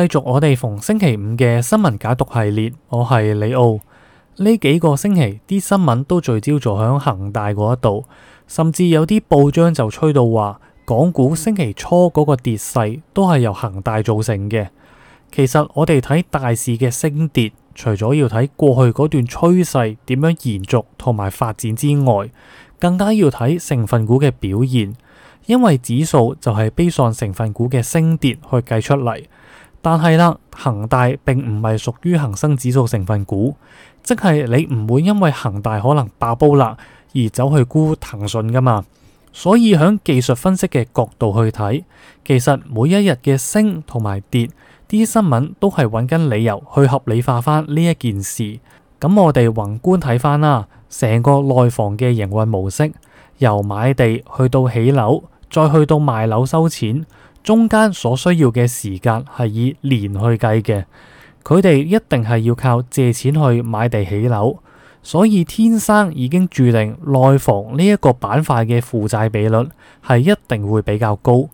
繼續我哋逢星期五嘅新聞解讀系列，我係李奧。呢幾個星期啲新聞都聚焦咗響恒大嗰一度，甚至有啲報章就吹到話港股星期初嗰個跌勢都係由恒大造成嘅。其實我哋睇大市嘅升跌，除咗要睇過去嗰段趨勢點樣延續同埋發展之外，更加要睇成分股嘅表現，因為指數就係悲喪成分股嘅升跌去計出嚟。但係啦，恒大並唔係屬於恒生指數成分股，即係你唔會因為恒大可能爆煲啦而走去沽騰訊噶嘛。所以響技術分析嘅角度去睇，其實每一日嘅升同埋跌，啲新聞都係揾緊理由去合理化翻呢一件事。咁我哋宏觀睇翻啦，成個內房嘅營運模式，由買地去到起樓，再去到賣樓收錢。中間所需要嘅時間係以年去計嘅，佢哋一定係要靠借錢去買地起樓，所以天生已經注定內房呢一個板塊嘅負債比率係一定會比較高。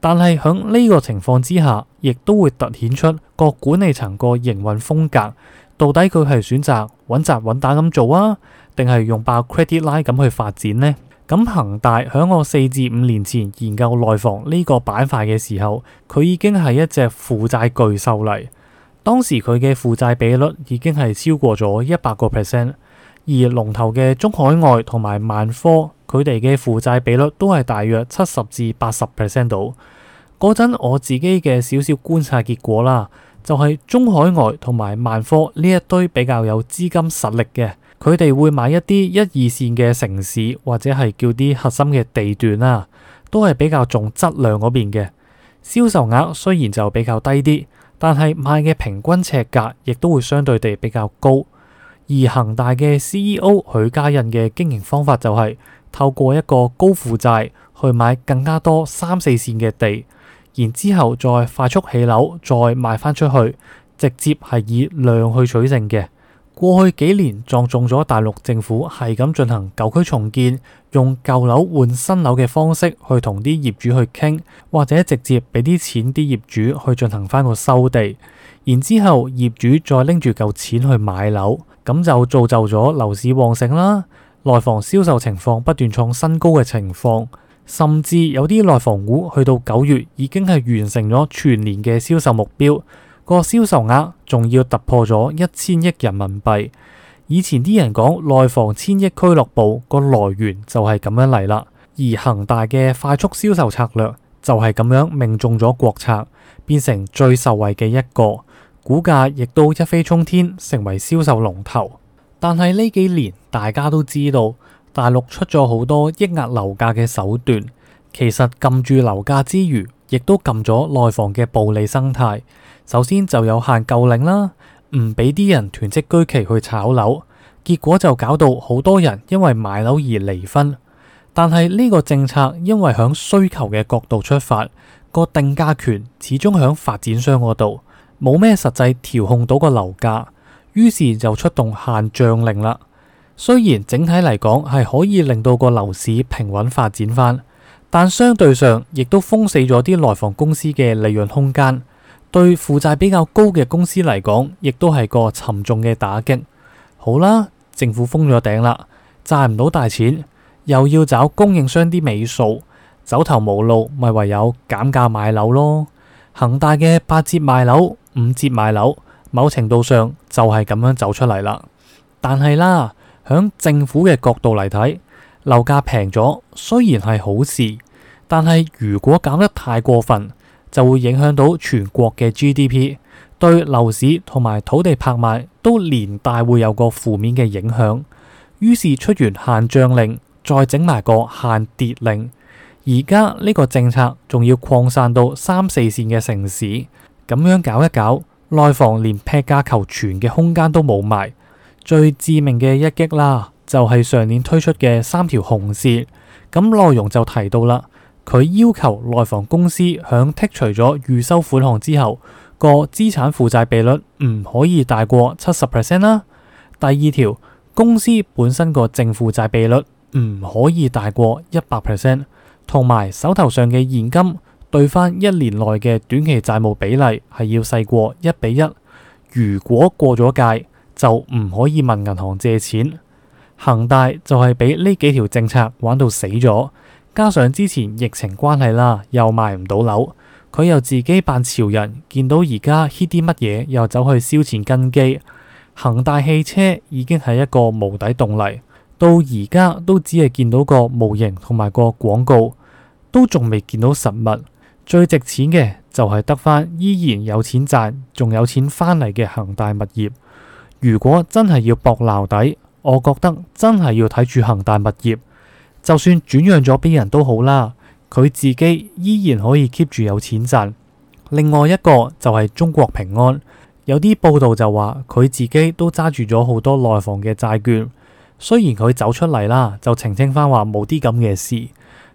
但係響呢個情況之下，亦都會凸顯出各管理層個營運風格，到底佢係選擇穩紮穩打咁做啊，定係用爆 credit line 咁去發展呢？咁恒大響我四至五年前研究內房呢個板塊嘅時候，佢已經係一隻負債巨獸嚟。當時佢嘅負債比率已經係超過咗一百個 percent，而龍頭嘅中海外同埋萬科，佢哋嘅負債比率都係大約七十至八十 percent 度。嗰陣我自己嘅少少觀察結果啦，就係中海外同埋萬科呢一堆比較有資金實力嘅。佢哋會買一啲一二線嘅城市，或者係叫啲核心嘅地段啦，都係比較重質量嗰邊嘅。銷售額雖然就比較低啲，但係賣嘅平均尺價亦都會相對地比較高。而恒大嘅 CEO 許家印嘅經營方法就係、是、透過一個高負債去買更加多三四線嘅地，然之後再快速起樓，再賣翻出去，直接係以量去取勝嘅。過去幾年撞中咗大陸政府係咁進行舊區重建，用舊樓換新樓嘅方式去同啲業主去傾，或者直接俾啲錢啲業主去進行翻個收地，然之後業主再拎住嚿錢去買樓，咁就造就咗樓市旺盛啦。內房銷售情況不斷創新高嘅情況，甚至有啲內房股去到九月已經係完成咗全年嘅銷售目標。個銷售額仲要突破咗一千億人民幣，以前啲人講內房千億俱樂部個來源就係咁樣嚟啦。而恒大嘅快速銷售策略就係咁樣命中咗國策，變成最受惠嘅一個。股價亦都一飛沖天，成為銷售龍頭。但係呢幾年大家都知道，大陸出咗好多抑壓樓價嘅手段，其實撳住樓價之餘，亦都撳咗內房嘅暴利生態。首先就有限購令啦，唔俾啲人囤積居奇去炒樓，結果就搞到好多人因為買樓而離婚。但係呢個政策因為響需求嘅角度出發，個定價權始終響發展商嗰度，冇咩實際調控到個樓價。於是就出動限漲令啦。雖然整體嚟講係可以令到個樓市平穩發展翻，但相對上亦都封死咗啲內房公司嘅利潤空間。對負債比較高嘅公司嚟講，亦都係個沉重嘅打擊。好啦，政府封咗頂啦，賺唔到大錢，又要找供應商啲尾數，走投無路，咪唯有減價賣樓咯。恆大嘅八折賣樓、五折賣樓，某程度上就係咁樣走出嚟啦。但係啦，響政府嘅角度嚟睇，樓價平咗雖然係好事，但係如果減得太過分。就會影響到全國嘅 GDP，對樓市同埋土地拍賣都連帶會有個負面嘅影響。於是出完限漲令，再整埋個限跌令。而家呢個政策仲要擴散到三四線嘅城市，咁樣搞一搞，內房連劈價求存嘅空間都冇埋。最致命嘅一擊啦，就係上年推出嘅三條紅線，咁內容就提到啦。佢要求內房公司響剔除咗預收款項之後，個資產負債比率唔可以大過七十 percent 啦。第二條，公司本身個淨負債比率唔可以大過一百 percent，同埋手頭上嘅現金對返一年內嘅短期債務比例係要細過一比一。如果過咗界，就唔可以問銀行借錢。恒大就係俾呢幾條政策玩到死咗。加上之前疫情關係啦，又賣唔到樓，佢又自己扮潮人，見到而家呢啲乜嘢，又走去燒錢跟機。恒大汽車已經係一個無底洞嚟，到而家都只係見到個模型同埋個廣告，都仲未見到實物。最值錢嘅就係得翻依然有錢賺，仲有錢翻嚟嘅恒大物業。如果真係要搏撈底，我覺得真係要睇住恒大物業。就算轉讓咗俾人都好啦，佢自己依然可以 keep 住有錢賺。另外一個就係中國平安，有啲報道就話佢自己都揸住咗好多內房嘅債券，雖然佢走出嚟啦，就澄清翻話冇啲咁嘅事。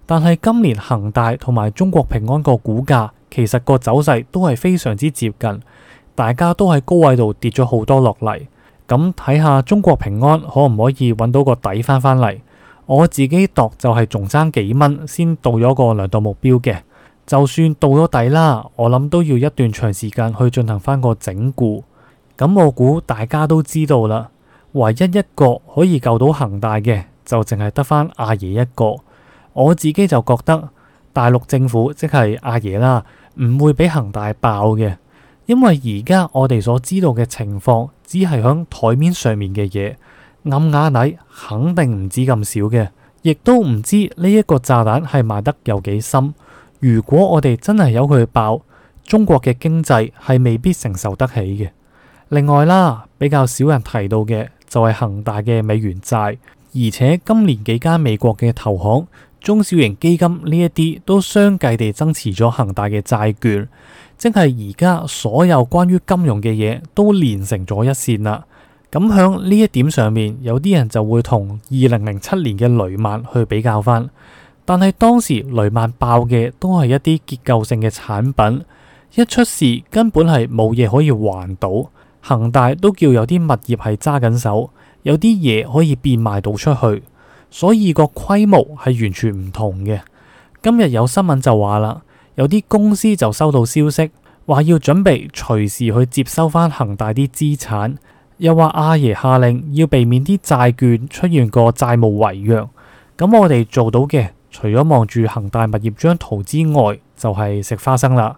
但係今年恒大同埋中國平安個股價，其實個走勢都係非常之接近，大家都喺高位度跌咗好多落嚟，咁睇下中國平安可唔可以揾到個底翻返嚟？我自己度就係仲爭幾蚊先度咗個量度目標嘅，就算度咗底啦，我諗都要一段長時間去進行翻個整固。咁我估大家都知道啦，唯一一個可以救到恒大嘅就淨係得翻阿爺一個。我自己就覺得大陸政府即係阿爺啦，唔會俾恒大爆嘅，因為而家我哋所知道嘅情況只係響枱面上面嘅嘢。暗啞底肯定唔止咁少嘅，亦都唔知呢一個炸彈係埋得有幾深。如果我哋真係由佢爆，中國嘅經濟係未必承受得起嘅。另外啦，比較少人提到嘅就係恒大嘅美元債，而且今年幾間美國嘅投行，中小型基金呢一啲都相繼地增持咗恒大嘅債券，即係而家所有關於金融嘅嘢都連成咗一線啦。咁響呢一點上面，有啲人就會同二零零七年嘅雷曼去比較翻。但係當時雷曼爆嘅都係一啲結構性嘅產品，一出事根本係冇嘢可以還到。恆大都叫有啲物業係揸緊手，有啲嘢可以變賣到出去，所以個規模係完全唔同嘅。今日有新聞就話啦，有啲公司就收到消息，話要準備隨時去接收翻恆大啲資產。又話阿爺下令要避免啲債券出現個債務違約，咁我哋做到嘅，除咗望住恒大物業張圖之外，就係食花生啦。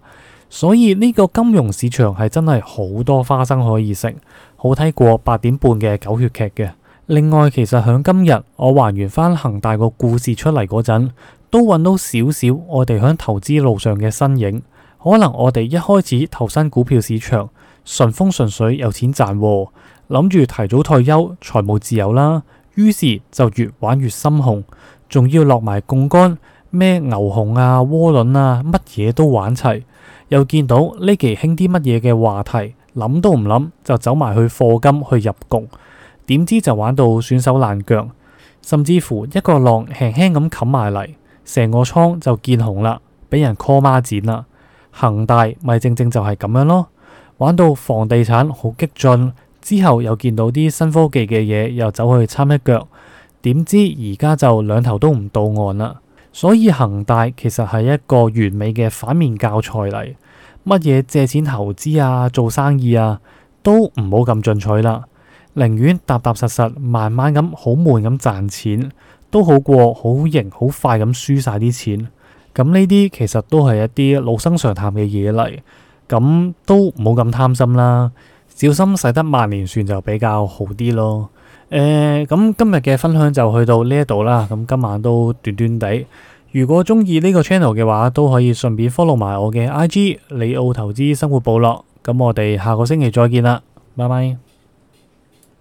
所以呢個金融市場係真係好多花生可以食，好睇過八點半嘅狗血劇嘅。另外，其實響今日我還原翻恒大個故事出嚟嗰陣，都搵到少少我哋響投資路上嘅身影。可能我哋一開始投身股票市場。順風順水有錢賺喎，諗住提早退休，財務自由啦。於是就越玩越心雄，仲要落埋槓桿，咩牛熊啊、渦輪啊，乜嘢都玩齊。又見到呢期興啲乜嘢嘅話題，諗都唔諗就走埋去課金、去入局，點知就玩到損手爛腳，甚至乎一個浪輕輕咁冚埋嚟，成個倉就見紅啦，俾人 call 孖展啦。恒大咪正正就係咁樣咯。玩到房地產好激進，之後又見到啲新科技嘅嘢，又走去參一腳，點知而家就兩頭都唔到岸啦。所以恒大其實係一個完美嘅反面教材嚟。乜嘢借錢投資啊、做生意啊，都唔好咁進取啦，寧願踏踏實實、慢慢咁好悶咁賺錢，都好過好型好快咁輸晒啲錢。咁呢啲其實都係一啲老生常談嘅嘢嚟。咁都唔好咁貪心啦，小心使得萬年船就比較好啲咯。誒、呃，咁今日嘅分享就去到呢一度啦。咁今晚都短短地，如果中意呢個 channel 嘅話，都可以順便 follow 埋我嘅 IG 李奧投資生活部落。咁我哋下個星期再見啦，拜拜。